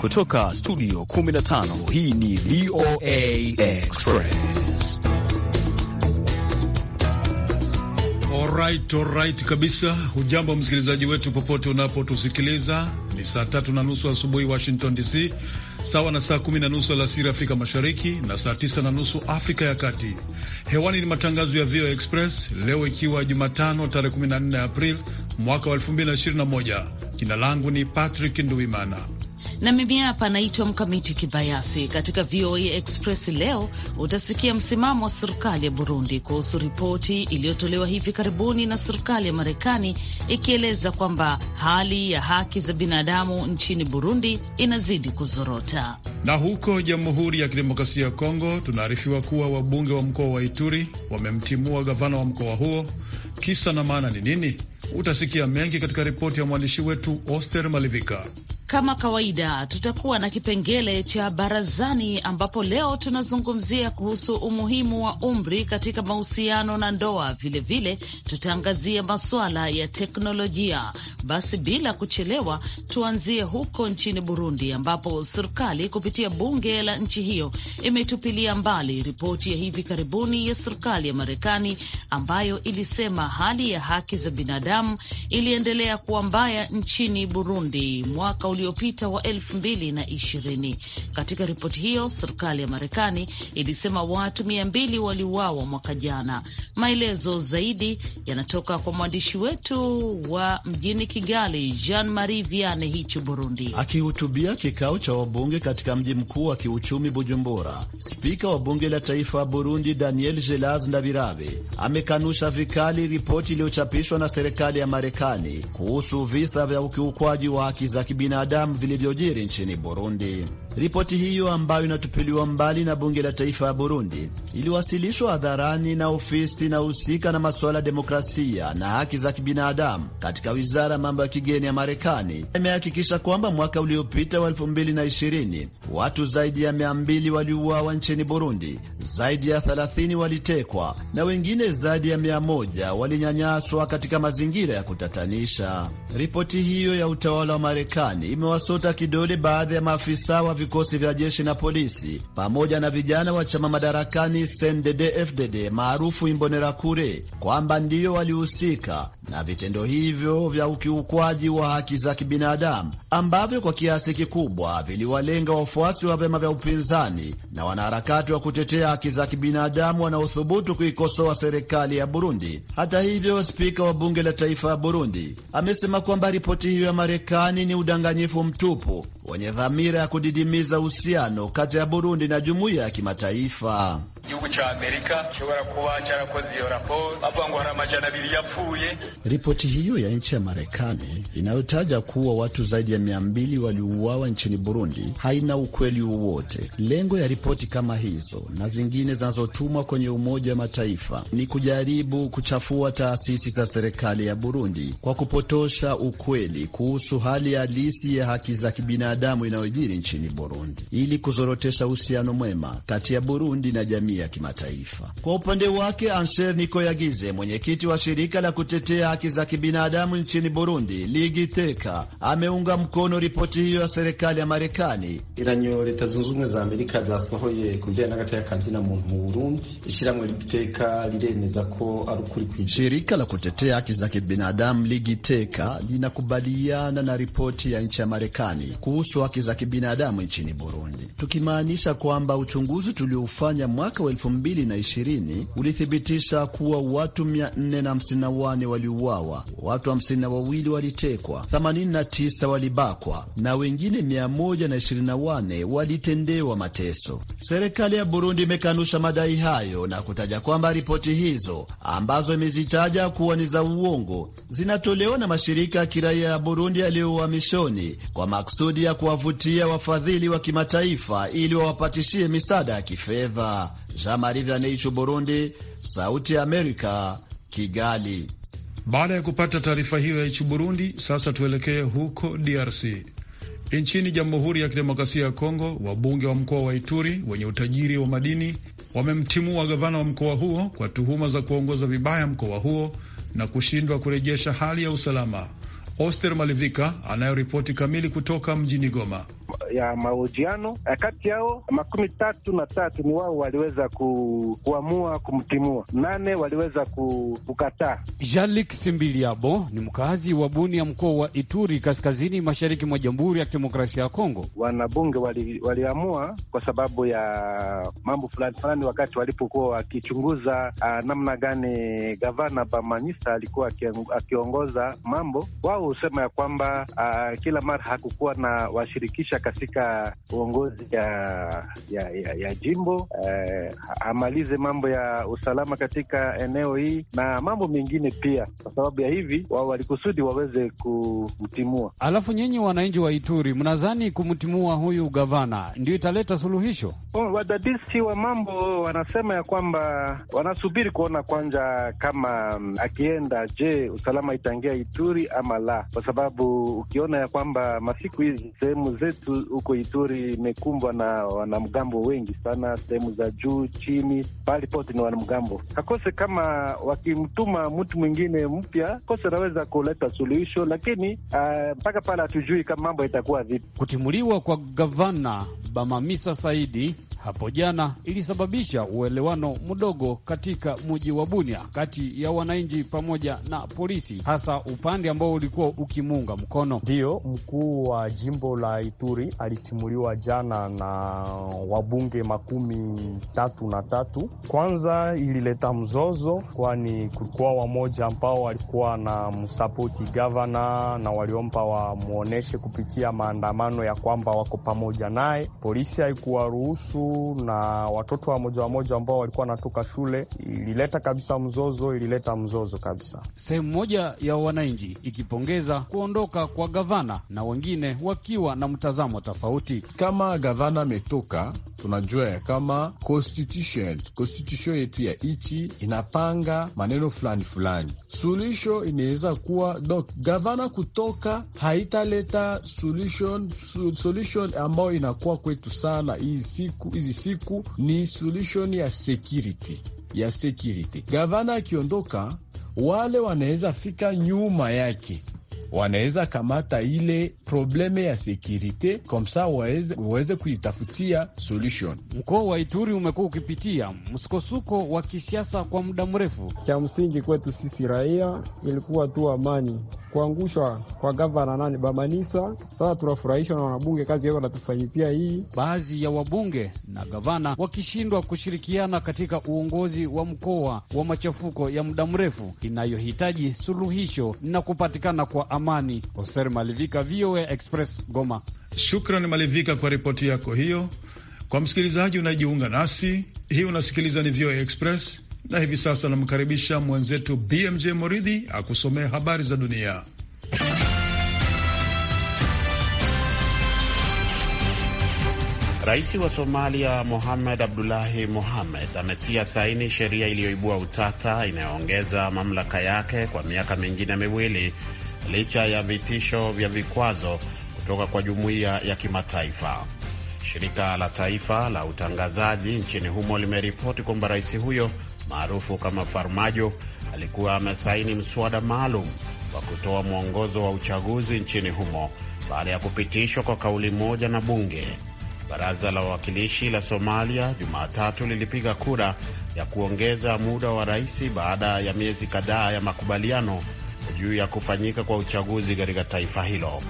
Kutoka studio 15 hii ni VOA Express. Alright, alright kabisa. Hujambo msikilizaji wetu popote unapotusikiliza. Ni saa tatu na nusu asubuhi Washington DC, sawa na saa kumi na nusu alasiri Afrika Mashariki na saa tisa na nusu Afrika ya Kati. Hewani ni matangazo ya VOA Express leo ikiwa Jumatano tarehe 14 april mwaka wa 2021. Jina langu ni Patrick nduimana na mimi hapa naitwa Mkamiti Kibayasi. Katika VOA Express leo utasikia msimamo wa serikali ya Burundi kuhusu ripoti iliyotolewa hivi karibuni na serikali ya Marekani ikieleza kwamba hali ya haki za binadamu nchini Burundi inazidi kuzorota. Na huko Jamhuri ya Kidemokrasia ya Kongo tunaarifiwa kuwa wabunge wa mkoa wa Ituri wamemtimua gavana wa mkoa huo. Kisa na maana ni nini? Utasikia mengi katika ripoti ya mwandishi wetu Oster Malivika. Kama kawaida tutakuwa na kipengele cha barazani, ambapo leo tunazungumzia kuhusu umuhimu wa umri katika mahusiano na ndoa. Vilevile tutaangazia masuala ya teknolojia. Basi bila kuchelewa, tuanzie huko nchini Burundi, ambapo serikali kupitia bunge la nchi hiyo imetupilia mbali ripoti ya hivi karibuni ya serikali ya Marekani ambayo ilisema hali ya haki za binadamu iliendelea kuwa mbaya nchini Burundi mwaka uliopita wa 2020. Katika ripoti hiyo, serikali ya Marekani ilisema watu 200 waliuawa mwaka jana. Maelezo zaidi yanatoka kwa mwandishi wetu wa mjini Kigali, Jean Marie Viane hicho Burundi. Akihutubia kikao cha wabunge katika mji mkuu wa kiuchumi Bujumbura, spika wa bunge la taifa Burundi Daniel gelas Ndabirabe amekanusha vikali ripoti iliyochapishwa na serikali ya Marekani kuhusu visa vya ukiukwaji wa haki za kibinadamu binadamu vilivyojiri nchini Burundi. Ripoti hiyo ambayo inatupiliwa mbali na bunge la taifa ya Burundi iliwasilishwa hadharani na ofisi inayohusika na masuala ya demokrasia na haki za kibinadamu katika wizara ya mambo ya kigeni ya Marekani. Imehakikisha kwamba mwaka uliopita wa 2020 watu zaidi ya 200 waliuawa nchini Burundi, zaidi ya 30 walitekwa na wengine zaidi ya 1 walinyanyaswa katika mazingira ya kutatanisha. Ripoti hiyo ya utawala wa Marekani imewasota kidole baadhi ya maafisa wa vikosi vya jeshi na polisi pamoja na vijana wa chama madarakani CNDD-FDD maarufu Imbonerakure kwamba ndiyo walihusika na vitendo hivyo vya ukiukwaji wa haki za kibinadamu ambavyo kwa kiasi kikubwa viliwalenga wafuasi wa vyama vya upinzani na wanaharakati wa kutetea haki za kibinadamu wanaothubutu kuikosoa serikali ya Burundi. Hata hivyo, spika wa bunge la taifa ya Burundi amesema kwamba ripoti hiyo ya Marekani ni udanganyifu mtupu wenye dhamira ya kudidimiza uhusiano kati ya Burundi na jumuiya ya kimataifa igihugu cya amerika gishobora kuba cyarakoze iyo raporo bavuga ngo hari amajana abiri yapfuye ripoti hiyo ya nchi ya marekani inayotaja kuwa watu zaidi ya mia mbili waliuawa nchini burundi haina ukweli wowote lengo ya ripoti kama hizo na zingine zinazotumwa kwenye umoja wa mataifa ni kujaribu kuchafua taasisi za serikali ya burundi kwa kupotosha ukweli kuhusu hali halisi ya haki za kibinadamu inayojiri nchini burundi ili kuzorotesha uhusiano mwema kati ya burundi na jamii ya kimataifa. Kwa upande wake, Anser Nikoyagize, mwenyekiti wa shirika la kutetea haki za kibinadamu nchini Burundi, Ligi Teka, ameunga mkono ripoti hiyo ya serikali ya Marekani. iranyo leta zunze ubumwe za Amerika zasohoye ku bijyanye kazi na muntu mu Burundi, Ligi Teka liremeza ko ari ukuri kwi shirika la kutetea haki za kibinadamu ligi teka linakubaliana na ripoti ya nchi ya Marekani kuhusu haki za kibinadamu nchini Burundi, tukimaanisha kwamba uchunguzi tulioufanya mwaka mwaka wa 2020 ulithibitisha kuwa watu 454 waliuawa, watu 52 walitekwa, 89 walibakwa na wengine 124 walitendewa mateso. Serikali ya Burundi imekanusha madai hayo na kutaja kwamba ripoti hizo ambazo imezitaja kuwa ni za uongo zinatolewa na mashirika ya kiraia ya Burundi yaliyo uhamishoni kwa maksudi ya kuwavutia wafadhili wa kimataifa ili wawapatishie misaada ya kifedha. Jean-Marie Vianney Icho, Burundi, Sauti ya Amerika, Kigali. Baada ya kupata taarifa hiyo ya Ichu, Burundi, sasa tuelekee huko DRC. Nchini Jamhuri ya Kidemokrasia ya Kongo, wabunge wa mkoa wa Ituri wenye utajiri wa madini wamemtimua gavana wa mkoa huo kwa tuhuma za kuongoza vibaya mkoa huo na kushindwa kurejesha hali ya usalama. Oster Malivika anayoripoti kamili kutoka mjini Goma ya mahojiano kati yao makumi tatu na tatu ni wao waliweza ku, kuamua kumtimua, nane waliweza ku, kukataa. Jalik Simbiliabo ni mkazi wa Bunia, mkoa wa Ituri, kaskazini mashariki mwa Jamhuri ya Kidemokrasia ya Kongo. Wanabunge waliamua wali kwa sababu ya mambo fulani fulani, wakati walipokuwa wakichunguza ah, namna gani gavana Bamanyisa alikuwa akiongoza mambo, wao husema ya kwamba a, ah, kila mara hakukuwa na washirikisha katika uongozi ya, ya, ya, ya jimbo eh, amalize mambo ya usalama katika eneo hii na mambo mengine pia, kwa sababu ya hivi wao walikusudi waweze kumtimua. Alafu nyinyi wananchi wa Ituri mnadhani kumtimua huyu gavana ndio italeta suluhisho? Oh, wadadisi wa mambo wanasema ya kwamba wanasubiri kuona kwanza kama mm, akienda, je, usalama itaingia Ituri ama la, kwa sababu ukiona ya kwamba masiku hizi sehemu zetu huko Ituri imekumbwa na wanamgambo wengi sana, sehemu za juu chini, pahali pote ni wanamgambo. Akose kama wakimtuma mtu mwingine mpya, kose anaweza kuleta suluhisho, lakini eh, mpaka uh, pale hatujui kama mambo itakuwa vipi. Kutimuliwa kwa gavana Bamamisa Saidi hapo jana ilisababisha uelewano mdogo katika mji wa Bunia kati ya wananchi pamoja na polisi, hasa upande ambao ulikuwa ukimuunga mkono. Ndiyo mkuu wa jimbo la Ituri alitimuliwa jana na wabunge makumi tatu na tatu. Kwanza ilileta mzozo, kwani kulikuwa wamoja ambao walikuwa na msapoti gavana na waliompa wamwonyeshe kupitia maandamano ya kwamba wako pamoja naye. Polisi haikuwaruhusu na watoto wamoja wamoja ambao walikuwa wanatoka shule. Ilileta kabisa mzozo, ilileta mzozo kabisa. Sehemu moja ya wananchi ikipongeza kuondoka kwa gavana na wengine wakiwa na mtazamo tofauti. Kama gavana ametoka, tunajua ya kama constitution constitution yetu ya nchi inapanga maneno fulani fulani, suluhisho inaweza kuwa donc gavana kutoka haitaleta solution, solution ambayo inakuwa kwetu sana hii siku hizi siku ni solution ya security, ya security. Gavana akiondoka, wale wanaweza fika nyuma yake wanaweza kamata ile probleme ya sekurite komsa waweze, waweze kuitafutia solution. Mkoa wa Ituri umekuwa ukipitia msukosuko wa kisiasa kwa muda mrefu. Cha msingi kwetu sisi raia ilikuwa tu amani, kuangushwa kwa gavana nani Bamanisa. Sasa tunafurahishwa na wanabunge, kazi yao wanatufanyizia hii. Baadhi ya wabunge na gavana wakishindwa kushirikiana katika uongozi wa mkoa wa machafuko ya muda mrefu inayohitaji suluhisho na kupatikana kwa amani. Hoser Malivika, VOA Express, Goma. Shukran Malivika kwa ripoti yako hiyo. Kwa msikilizaji unajiunga nasi hii, unasikiliza ni VOA Express na hivi sasa namkaribisha mwenzetu BMJ Moridhi akusomea habari za dunia. Rais wa Somalia Mohamed Abdullahi Mohamed ametia saini sheria iliyoibua utata inayoongeza mamlaka yake kwa miaka mingine miwili licha ya vitisho vya vikwazo kutoka kwa jumuiya ya kimataifa. Shirika la taifa la utangazaji nchini humo limeripoti kwamba rais huyo maarufu kama Farmajo alikuwa amesaini mswada maalum wa kutoa mwongozo wa uchaguzi nchini humo baada ya kupitishwa kwa kauli moja na bunge. Baraza la Wawakilishi la Somalia Jumatatu lilipiga kura ya kuongeza muda wa rais baada ya miezi kadhaa ya makubaliano juu ya kufanyika kwa uchaguzi katika taifa hilo.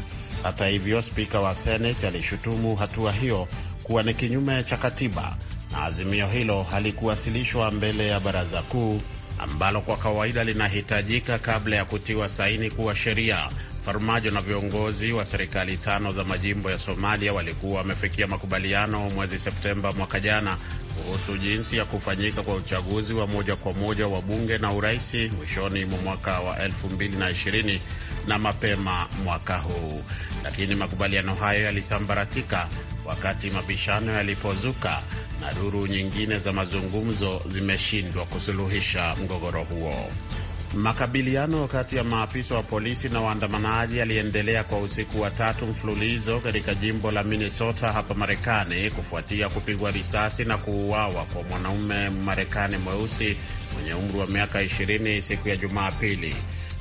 Hata hivyo, spika wa Senate alishutumu hatua hiyo kuwa ni kinyume cha katiba na azimio hilo halikuwasilishwa mbele ya baraza kuu ambalo kwa kawaida linahitajika kabla ya kutiwa saini kuwa sheria Farmajo na viongozi wa serikali tano za majimbo ya Somalia walikuwa wamefikia makubaliano mwezi Septemba mwaka jana kuhusu jinsi ya kufanyika kwa uchaguzi wa moja kwa moja wa bunge na uraisi mwishoni mwa mwaka wa 2020 na mapema mwaka huu, lakini makubaliano hayo yalisambaratika wakati mabishano yalipozuka na duru nyingine za mazungumzo zimeshindwa kusuluhisha mgogoro huo. Makabiliano kati ya maafisa wa polisi na waandamanaji yaliendelea kwa usiku wa tatu mfululizo katika jimbo la Minnesota hapa Marekani kufuatia kupigwa risasi na kuuawa kwa mwanaume Marekani mweusi mwenye umri wa miaka 20 siku ya Jumapili.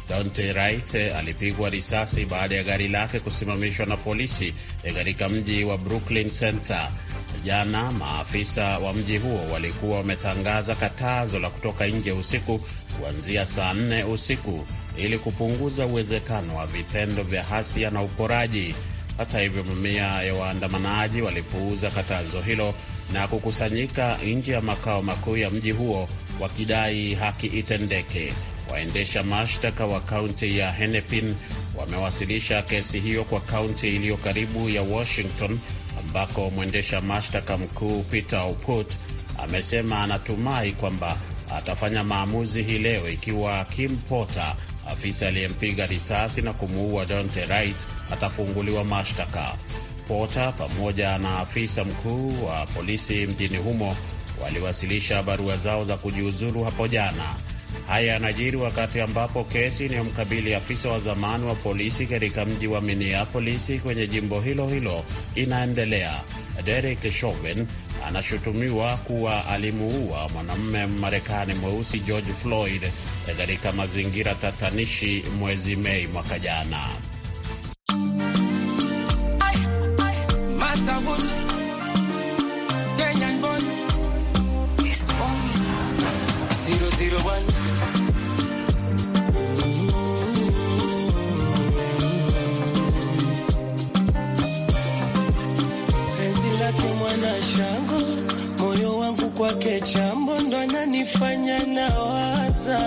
Dante Wright alipigwa risasi baada ya gari lake kusimamishwa na polisi katika mji wa Brooklyn Center. Jana maafisa wa mji huo walikuwa wametangaza katazo la kutoka nje usiku kuanzia saa nne usiku ili kupunguza uwezekano wa vitendo vya hasia na uporaji. Hata hivyo, mamia ya waandamanaji walipuuza katazo hilo na kukusanyika nje ya makao makuu ya mji huo wakidai haki itendeke. Waendesha mashtaka wa kaunti ya Hennepin wamewasilisha kesi hiyo kwa kaunti iliyo karibu ya Washington, ambako mwendesha mashtaka mkuu Peter Oput amesema anatumai kwamba atafanya maamuzi hii leo ikiwa Kim Potter, afisa aliyempiga risasi na kumuua Dante Wright, atafunguliwa mashtaka. Potter pamoja na afisa mkuu wa polisi mjini humo waliwasilisha barua zao za kujiuzuru hapo jana. Haya yanajiri wakati ambapo kesi inayomkabili afisa wa zamani wa polisi katika mji wa Minneapolis kwenye jimbo hilo hilo inaendelea. Derek Chauvin anashutumiwa kuwa alimuua mwanamume Marekani mweusi George Floyd katika mazingira tatanishi mwezi Mei mwaka jana. kwake chambo ndo ananifanya nawaza,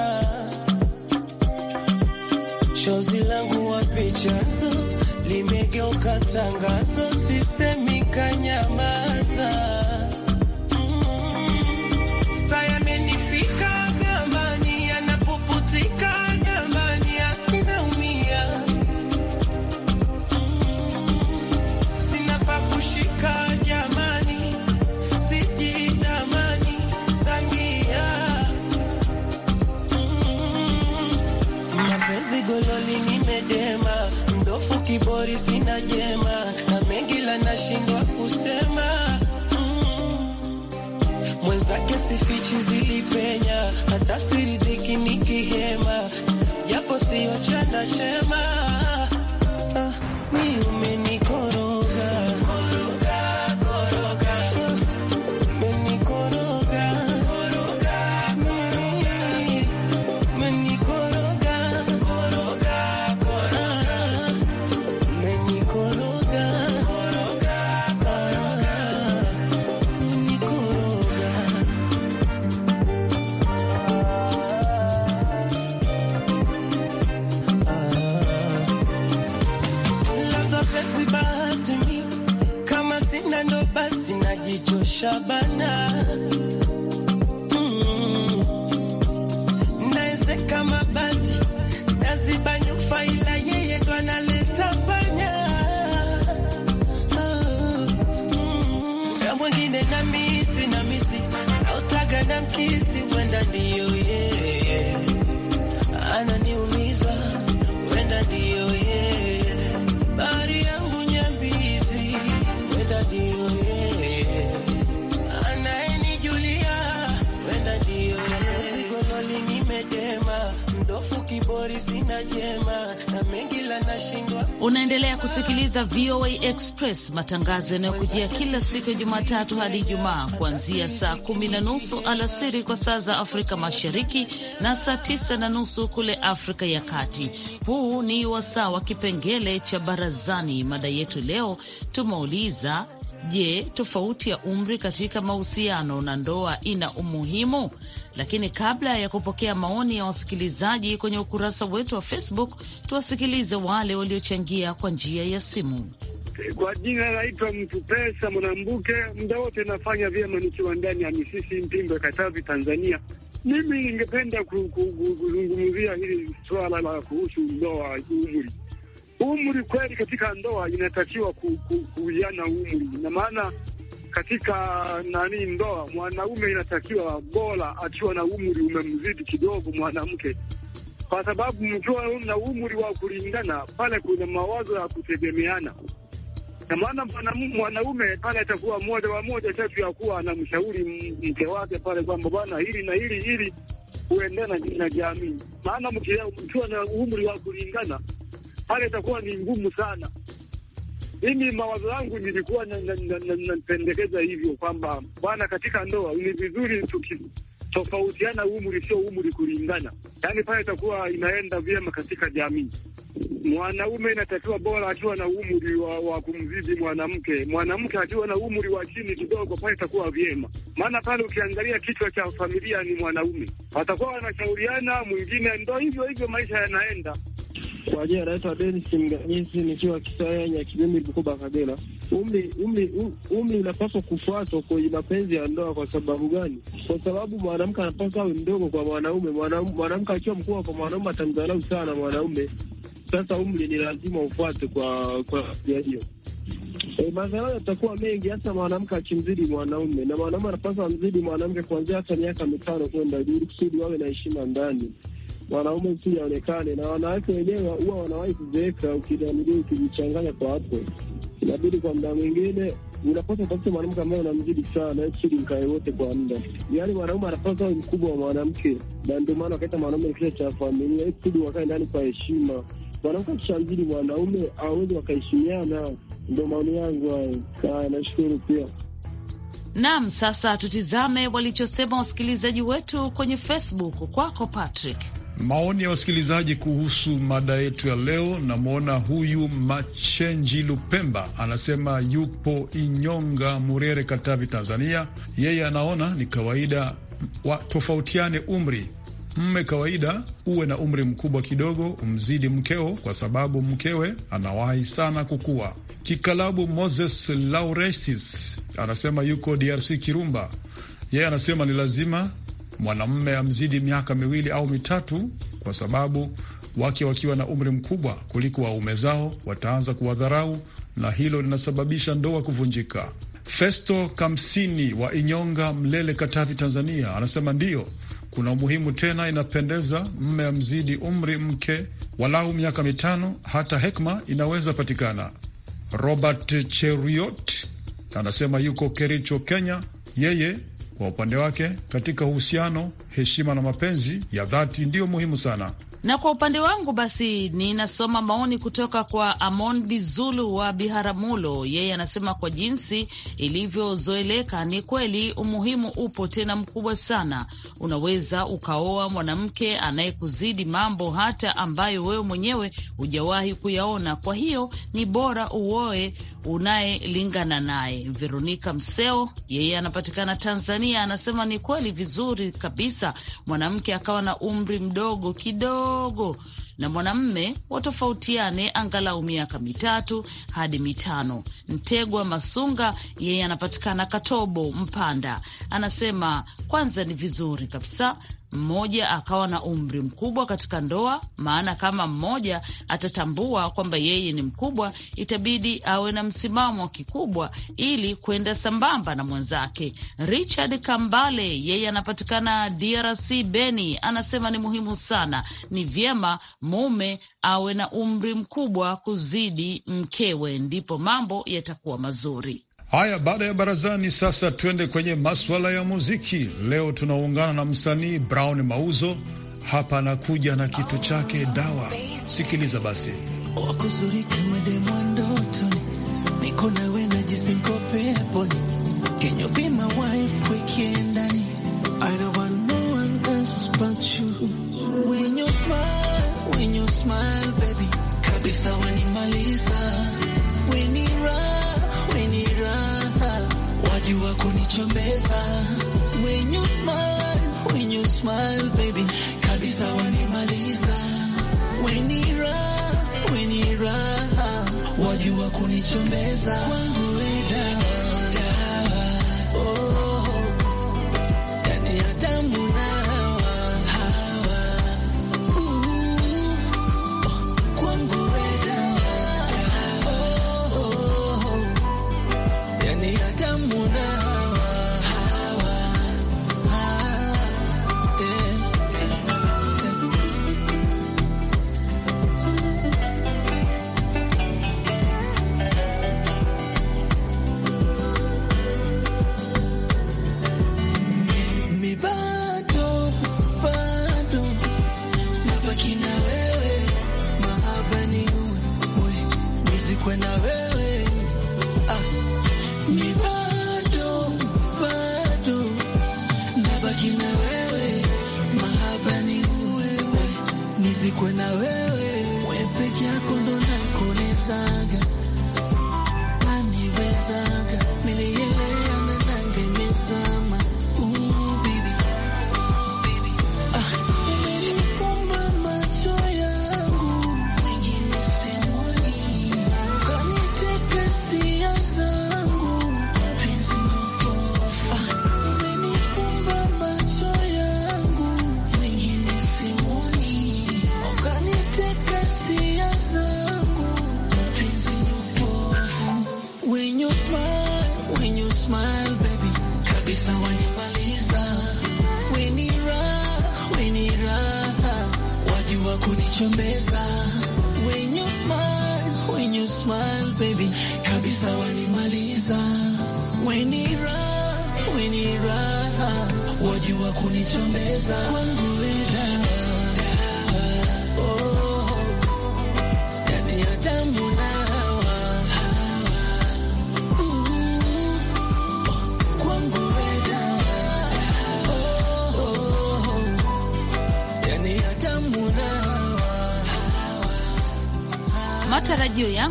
chozi langu wapi chanzo, limegeuka tangazo, sisemi kanyamaza gololi nimedema, mdofu kibori sina jema, na mengi la nashindwa kusema mm. mwenzake sifichi zilipenya, hata siridhiki nikihema, japo siyo chanda chema ah, Shabana mm. Naezeka mabati naziba nyufa, ila yeye ndo analeta panya na mwengine na misi na misi nautaga na mkisi wenda ndio yeye Unaendelea kusikiliza VOA Express, matangazo yanayokujia kila siku ya Jumatatu hadi Ijumaa kuanzia saa kumi na nusu alasiri kwa saa za Afrika Mashariki na saa tisa na nusu kule Afrika ya Kati. Huu ni wasaa wa kipengele cha barazani. Mada yetu leo tumeuliza Je, tofauti ya umri katika mahusiano na ndoa ina umuhimu? Lakini kabla ya kupokea maoni ya wasikilizaji kwenye ukurasa wetu wa Facebook, tuwasikilize wale waliochangia kwa njia ya simu. Kwa jina naitwa Mtu Pesa Mwanambuke, muda wote nafanya vyema nikiwa ndani ya misisi Mpimbo, Katavi, Tanzania. Mimi ningependa kuzungumzia hili suala la kuhusu ndoa umri umri kweli katika ndoa inatakiwa kuwiana ku, umri na maana katika nani ndoa, mwanaume inatakiwa bora akiwa na umri umemzidi kidogo mwanamke, kwa sababu mkiwa na umri wa kulingana pale kuna mawazo ya kutegemeana, na maana mwanaume pale atakuwa moja wa moja tatu ya kuwa anamshauri mke wake pale kwamba bwana, hili na hili hili huendana na jamii, maana mkiwa na umri wa kulingana hali itakuwa ni ngumu sana. Mimi mawazo yangu nilikuwa napendekeza hivyo kwamba bwana, katika ndoa ni vizuri tukitofautiana umri, sio umri kulingana, yaani pale itakuwa inaenda vyema katika jamii. Mwanaume inatakiwa bora akiwa na umri wa, wa kumzidi mwanamke, mwanamke akiwa na umri wa chini kidogo, pale itakuwa vyema, maana pale ukiangalia kichwa cha familia ni mwanaume. Watakuwa wanashauriana, mwingine ndo hivyo hivyo, maisha yanaenda. Kwa jina anaitwa Denis Mganyisi, nikiwa Kisaya Kimimi, Bukoba, Kagera. Umri umri umri unapaswa kufuatwa kwenye mapenzi ya ndoa. Kwa sababu gani? Kwa sababu mwanamke anapaswa awe mdogo kwa mwanaume. Mwanamke akiwa mkubwa kwa mwanaume atamdharau sana mwanaume. Sasa umri ni lazima ufuate kwa kwa ya hiyo E, madharau yatakuwa mengi hasa mwanamke akimzidi mwanaume, na mwanaume anapaswa amzidi mwanamke kuanzia hata miaka mitano kwenda juu, kusudi wawe na heshima ndani wanaume si yaonekane, na wanawake wenyewe huwa wanawahi kuzeeka. Ukianulia ukijichanganya kwa hapo, inabidi kwa muda mwingine unapaswa utafute mwanamke ambaye unamzidi sana yaani chili mkae wote kwa muda, yaani mwanaume anapaswa awe mkubwa wa mwanamke, na ndio maana wakaita mwanaume ni kichwa cha familia, ili yaani wakae ndani kwa heshima. Mwanamke akishamzidi mwanaume awezi wakaheshimiana. ndo maoni yangu hayo. Kaa, nashukuru pia. Naam, sasa tutizame walichosema wasikilizaji wetu kwenye Facebook. Kwako Patrick. Maoni ya wasikilizaji kuhusu mada yetu ya leo. Namwona huyu Machenji Lupemba anasema yupo Inyonga, Murere, Katavi, Tanzania. Yeye anaona ni kawaida watofautiane umri. Mme kawaida uwe na umri mkubwa kidogo umzidi mkeo, kwa sababu mkewe anawahi sana kukua. Kikalabu Moses Lauresis anasema yuko DRC Kirumba. Yeye anasema ni lazima mwanamume amzidi miaka miwili au mitatu, kwa sababu wake wakiwa na umri mkubwa kuliko waume zao wataanza kuwadharau na hilo linasababisha ndoa kuvunjika. Festo Kamsini wa Inyonga, Mlele, Katavi, Tanzania anasema ndiyo, kuna umuhimu tena, inapendeza mme amzidi umri mke walau miaka mitano, hata hekma inaweza patikana. Robert Cheriot anasema yuko Kericho, Kenya. Yeye kwa upande wake, katika uhusiano, heshima na mapenzi ya dhati ndiyo muhimu sana. Na kwa upande wangu basi, ninasoma maoni kutoka kwa amondi zulu wa Biharamulo. Yeye anasema kwa jinsi ilivyozoeleka, ni kweli umuhimu upo tena mkubwa sana. Unaweza ukaoa mwanamke anayekuzidi mambo hata ambayo wewe mwenyewe hujawahi kuyaona, kwa hiyo ni bora uoe unayelingana naye Veronika Mseo, yeye anapatikana Tanzania, anasema ni kweli vizuri kabisa mwanamke akawa na umri mdogo kidogo na mwanamme watofautiane angalau miaka mitatu hadi mitano. Ntegwa Masunga yeye anapatikana Katobo, Mpanda, anasema kwanza ni vizuri kabisa mmoja akawa na umri mkubwa katika ndoa, maana kama mmoja atatambua kwamba yeye ni mkubwa, itabidi awe na msimamo kikubwa ili kwenda sambamba na mwenzake. Richard Kambale yeye anapatikana DRC Beni, anasema ni muhimu sana, ni vyema mume awe na umri mkubwa kuzidi mkewe, ndipo mambo yatakuwa mazuri. Haya, baada ya barazani, sasa twende kwenye maswala ya muziki. Leo tunaungana na msanii Brown Mauzo, hapa anakuja na kitu chake dawa. Sikiliza basi When you smile, baby, kabisa wanimaliza. When you run, wajua kunichomeza, when you smile, when you smile baby, kabisa wanimaliza, wenira wenira, wajua kunichomeza kwangu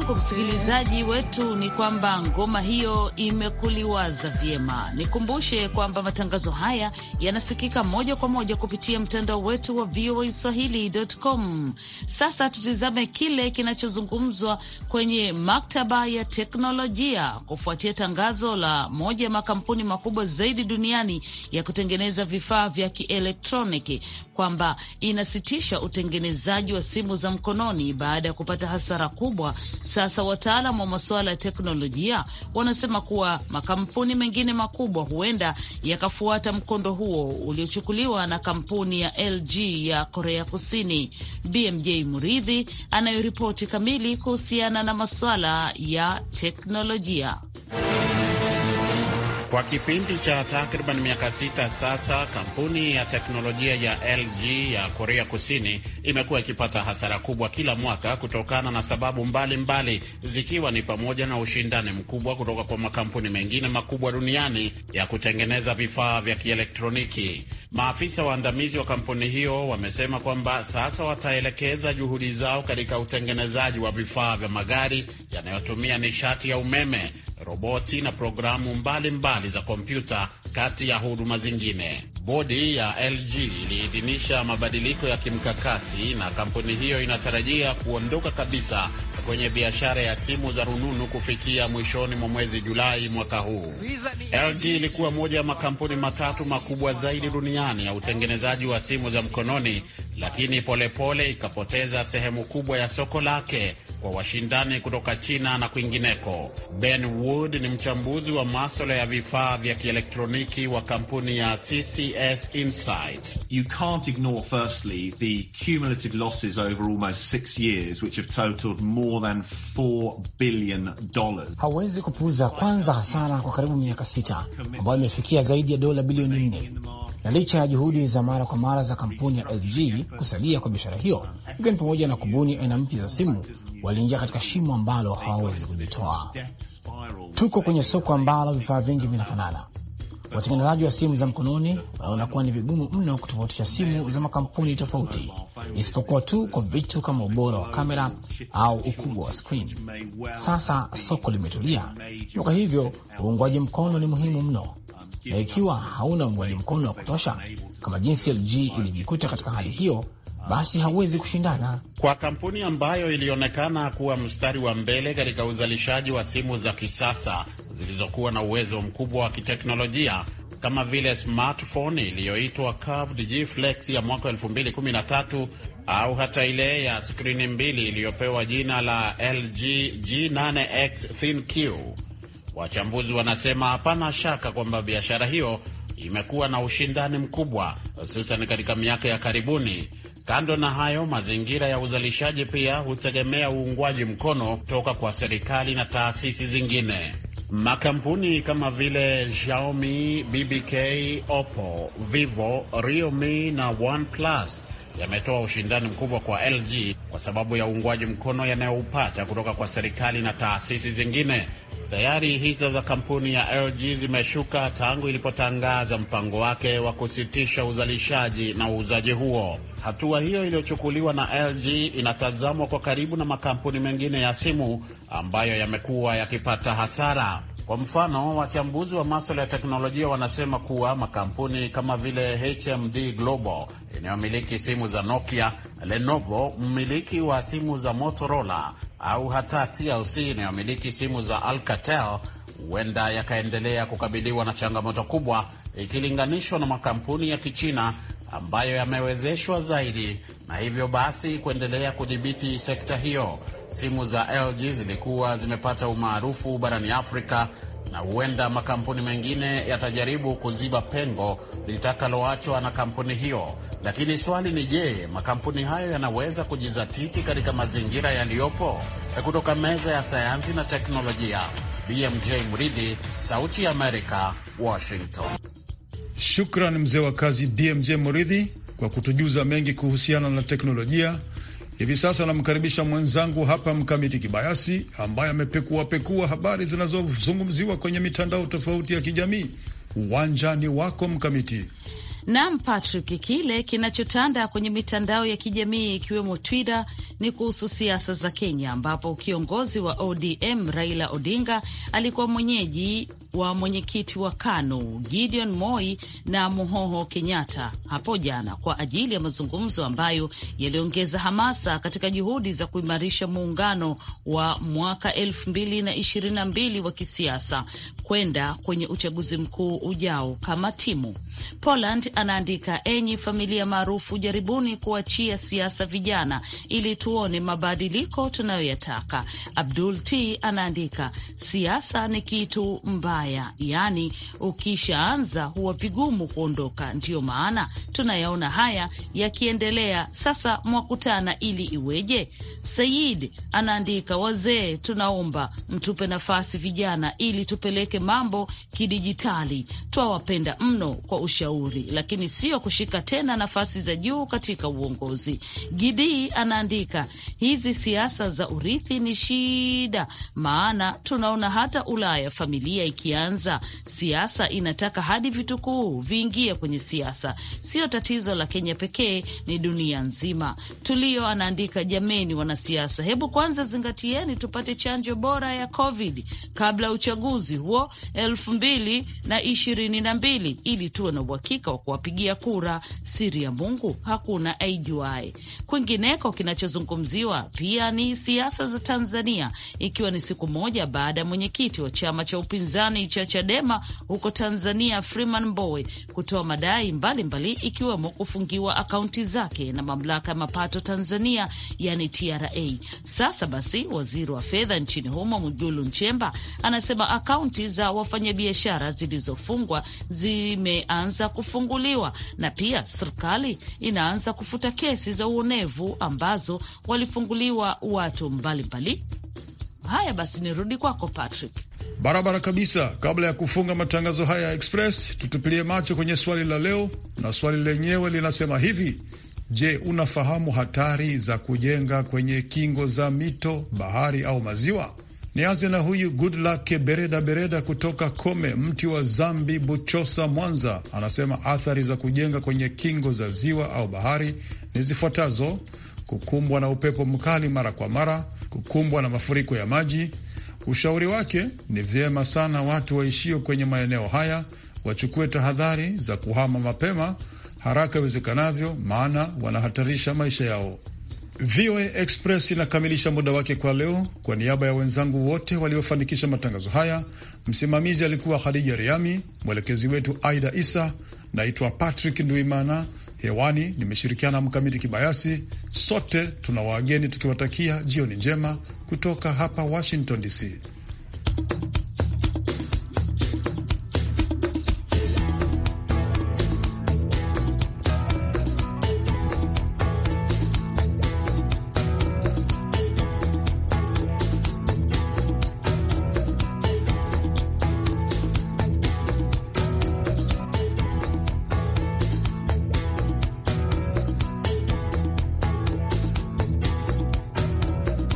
langu msikilizaji wetu ni kwamba ngoma hiyo imekuliwaza vyema. Nikumbushe kwamba matangazo haya yanasikika moja kwa moja kupitia mtandao wetu wa VOA Swahili.com. Sasa tutizame kile kinachozungumzwa kwenye maktaba ya teknolojia kufuatia tangazo la moja ya makampuni makubwa zaidi duniani ya kutengeneza vifaa vya kielektroniki kwamba inasitisha utengenezaji wa simu za mkononi baada ya kupata hasara kubwa sasa wataalam wa masuala ya teknolojia wanasema kuwa makampuni mengine makubwa huenda yakafuata mkondo huo uliochukuliwa na kampuni ya LG ya Korea Kusini. BMJ Muridhi anayoripoti kamili kuhusiana na masuala ya teknolojia. Kwa kipindi cha takriban miaka sita sasa, kampuni ya teknolojia ya LG ya Korea Kusini imekuwa ikipata hasara kubwa kila mwaka kutokana na sababu mbalimbali mbali, zikiwa ni pamoja na ushindani mkubwa kutoka kwa makampuni mengine makubwa duniani ya kutengeneza vifaa vya kielektroniki. Maafisa waandamizi wa kampuni hiyo wamesema kwamba sasa wataelekeza juhudi zao katika utengenezaji wa vifaa vya magari yanayotumia nishati ya umeme, roboti na programu mbalimbali mbali za kompyuta kati ya huduma zingine. Bodi ya LG iliidhinisha mabadiliko ya kimkakati na kampuni hiyo inatarajia kuondoka kabisa kwenye biashara ya simu za rununu kufikia mwishoni mwa mwezi Julai mwaka huu. LG ilikuwa moja ya makampuni matatu makubwa zaidi duniani ya utengenezaji wa simu za mkononi, lakini polepole pole ikapoteza sehemu kubwa ya soko lake kwa washindani kutoka China na kwingineko. Ben Wood ni mchambuzi wa maswala ya vifaa vya kielektroniki wa kampuni ya CC BS Insight. You can't ignore, firstly, the cumulative losses over almost six years, which have totaled more than $4 billion. Hawezi kupuuza kwanza hasara kwa karibu miaka sita ambayo imefikia zaidi ya dola bilioni nne na licha ya juhudi za mara kwa mara za kampuni ya LG kusalia kwa biashara hiyo, ikiwa ni pamoja na kubuni aina mpya za simu, waliingia katika shimo ambalo hawawezi kujitoa. Tuko kwenye soko ambalo vifaa vingi vinafanana Watengenezaji wa simu za mkononi wanaona kuwa ni vigumu mno kutofautisha simu za makampuni tofauti, isipokuwa tu kwa vitu kama ubora wa kamera au ukubwa wa skrin Sasa soko limetulia, na kwa hivyo uungwaji mkono ni muhimu mno, na ikiwa hauna uungwaji mkono wa kutosha, kama jinsi LG ilijikuta katika hali hiyo basi hauwezi kushindana. Kwa kampuni ambayo ilionekana kuwa mstari wa mbele katika uzalishaji wa simu za kisasa zilizokuwa na uwezo mkubwa wa kiteknolojia kama vile smartphone iliyoitwa Curved G Flex ya mwaka 2013 au hata ile ya skrini mbili iliyopewa jina la LG G8X ThinQ. Wachambuzi wanasema hapana shaka kwamba biashara hiyo imekuwa na ushindani mkubwa, hususan katika miaka ya karibuni Kando na hayo, mazingira ya uzalishaji pia hutegemea uungwaji mkono toka kwa serikali na taasisi zingine. Makampuni kama vile Xiaomi, BBK, Oppo, Vivo, Realme na OnePlus yametoa ushindani mkubwa kwa LG kwa sababu ya uungwaji mkono yanayoupata kutoka kwa serikali na taasisi zingine. Tayari hisa za kampuni ya LG zimeshuka tangu ilipotangaza mpango wake wa kusitisha uzalishaji na uuzaji huo. Hatua hiyo iliyochukuliwa na LG inatazamwa kwa karibu na makampuni mengine ya simu ambayo yamekuwa yakipata hasara. Kwa mfano, wachambuzi wa maswala ya teknolojia wanasema kuwa makampuni kama vile HMD Global inayomiliki simu za Nokia, Lenovo mmiliki wa simu za Motorola au hata TLC inayomiliki simu za Alcatel huenda yakaendelea kukabiliwa na changamoto kubwa ikilinganishwa na makampuni ya Kichina ambayo yamewezeshwa zaidi na hivyo basi kuendelea kudhibiti sekta hiyo. Simu za LG zilikuwa zimepata umaarufu barani Afrika na huenda makampuni mengine yatajaribu kuziba pengo litakaloachwa na kampuni hiyo. Lakini swali ni je, makampuni hayo yanaweza kujizatiti katika mazingira yaliyopo? Kutoka meza ya sayansi na teknolojia, BMJ Mridhi, Sauti ya Amerika, Washington. Shukran mzee wa kazi BMJ Muridhi kwa kutujuza mengi kuhusiana na teknolojia. Hivi sasa namkaribisha mwenzangu hapa Mkamiti Kibayasi ambaye amepekuapekua habari zinazozungumziwa kwenye mitandao tofauti ya kijamii. Uwanjani wako Mkamiti. Naam Patrick, kile kinachotanda kwenye mitandao ya kijamii ikiwemo Twitter ni kuhusu siasa za Kenya, ambapo kiongozi wa ODM Raila Odinga alikuwa mwenyeji wa mwenyekiti wa KANU Gideon Moi na Muhoho Kenyatta hapo jana kwa ajili ya mazungumzo ambayo yaliongeza hamasa katika juhudi za kuimarisha muungano wa mwaka elfu mbili na ishirini na mbili wa kisiasa kwenda kwenye uchaguzi mkuu ujao kama timu. Poland anaandika, enyi familia maarufu, jaribuni kuachia siasa vijana ili tuone mabadiliko tunayoyataka. Abdul T anaandika, siasa ni kitu mbaya haya, yaani ukishaanza huwa vigumu kuondoka. Ndiyo maana tunayaona haya yakiendelea. Sasa mwakutana ili iweje? Said anaandika, wazee, tunaomba mtupe nafasi vijana ili tupeleke mambo kidijitali. Twawapenda mno kwa ushauri, lakini sio kushika tena nafasi za juu katika uongozi. Gidii anaandika, hizi siasa za urithi ni shida, maana tunaona hata Ulaya familia iki ikianza, siasa inataka hadi vitukuu viingie kwenye siasa. Sio tatizo la Kenya pekee, ni dunia nzima. Tulio anaandika, jameni wanasiasa, hebu kwanza zingatieni tupate chanjo bora ya COVID kabla ya uchaguzi huo elfu mbili na ishirini na mbili ili tuwe na uhakika wa kuwapigia kura. Siri ya Mungu hakuna aijuae. Kwingineko, kinachozungumziwa pia ni siasa za Tanzania, ikiwa ni siku moja baada ya mwenyekiti wa chama cha upinzani kiuchumi cha Chadema huko Tanzania, Freeman Mbowe kutoa madai mbalimbali ikiwemo kufungiwa akaunti zake na mamlaka ya mapato Tanzania, yani TRA. Sasa basi, waziri wa fedha nchini humo mjulu Nchemba anasema akaunti za wafanyabiashara zilizofungwa zimeanza kufunguliwa na pia serikali inaanza kufuta kesi za uonevu ambazo walifunguliwa watu mbalimbali. Haya basi, nirudi kwako Patrick barabara kabisa. Kabla ya kufunga matangazo haya ya Express, tutupilie macho kwenye swali la leo, na swali lenyewe linasema hivi: Je, unafahamu hatari za kujenga kwenye kingo za mito, bahari au maziwa? Nianze na huyu Goodluck Bereda Bereda kutoka Kome Mti wa Zambi, Buchosa, Mwanza. Anasema athari za kujenga kwenye kingo za ziwa au bahari ni zifuatazo: kukumbwa na upepo mkali mara kwa mara, kukumbwa na mafuriko ya maji Ushauri wake ni vyema sana watu waishio kwenye maeneo haya wachukue tahadhari za kuhama mapema haraka iwezekanavyo, maana wanahatarisha maisha yao. VOA Express inakamilisha muda wake kwa leo. Kwa niaba ya wenzangu wote waliofanikisha matangazo haya, msimamizi alikuwa Khadija Riami, mwelekezi wetu Aida Isa. Naitwa Patrick Nduimana, hewani nimeshirikiana Mkamiti Kibayasi. Sote tuna wageni tukiwatakia jioni njema kutoka hapa Washington DC.